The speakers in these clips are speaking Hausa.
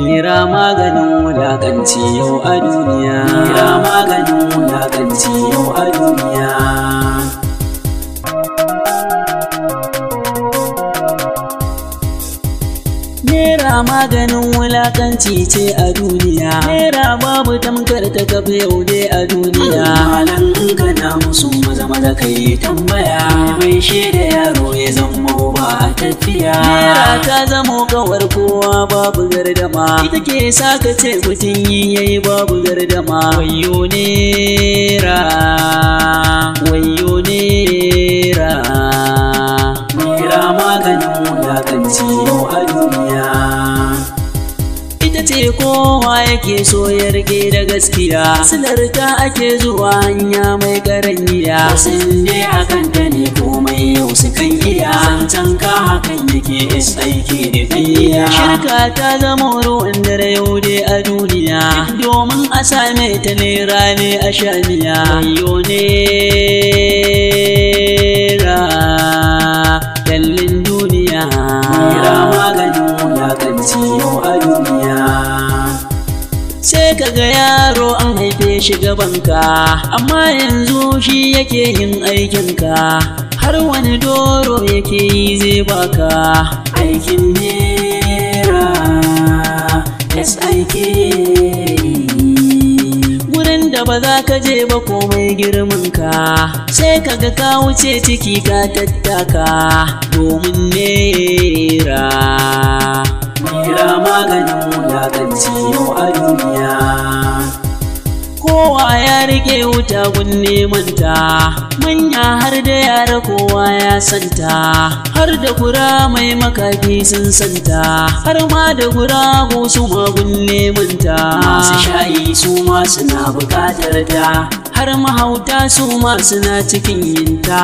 Mira maganin wulakanci yau a duniya. Mira maganin wulakanci yau Naira maganin wulakanci ce a duniya. Naira babu tamkar ta kafa yau dai a duniya. Malam in na musu maza maza kai tambaya. Mai shi yaro ya zama ba a tafiya. Naira ta zama kawar kowa babu gardama. Ita ke sa ka ce mutum yi yayi babu gardama. Wayo Naira. adalci yau a duniya ita ce kowa yake so ya rage da gaskiya silarta ake zuwa hanya mai garanniya sun ne a kanta ne komai yau su kan iya zancen ka hakan yake is aiki da kayya shirka ta zama ruwan dare yau dai a duniya domin a same ta ne rane a shaniya wayo ne shiga banka amma yanzu shi yake yin aikinka har wani doro yake yi zai baka aikin nera sik gurin da ba za ka je ba komai girminka sai ka ga ka wuce ciki ka tattaka domin nera nera maganin wulakanci yau a duniya kowa ya rike wuta gun neman ta manya har da yara kowa ya santa har da kura mai makafi sun santa har ma da kura ko su magun neman ta masu shayi su ma suna bukatar ta har mahauta su ma suna cikin yinta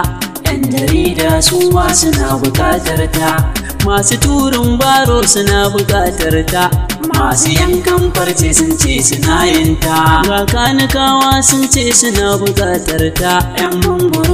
'yan jarida su ma suna bukatar ta masu turin baro suna bukatar ta masu yankan farce sun ce suna yinta ga kanikawa sun ce suna bukatar ta yan mungu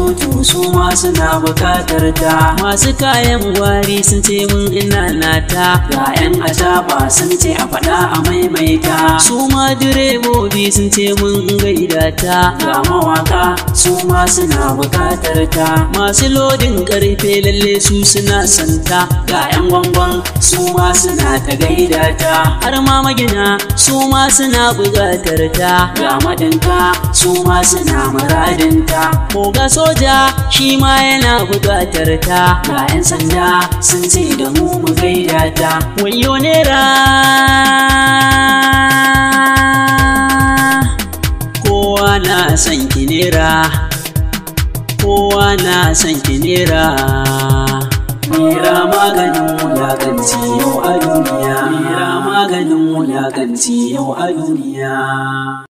su ma suna bukatar ta masu kayan gwari sun ce mun ina nata ga ajaba sun ce a faɗa a maimaita su direbobi sun ce mun gaida ta ga mawaka su ma suna bukatar ta masu lodin karfe lalle su suna santa ga yan gwangwan su suna ta gaida ta har ma magina su ma suna bukatar ta ga maɗinka su ma suna muradinta ko ga soja shi ma yana buƙatar ta kayan sanda sun ce da mu mu gaida ta wayo nera kowa na san ki nera kowa na san ki nera Mira maganin wulakanci yau a duniya. Mira maganin wulakanci yau a duniya.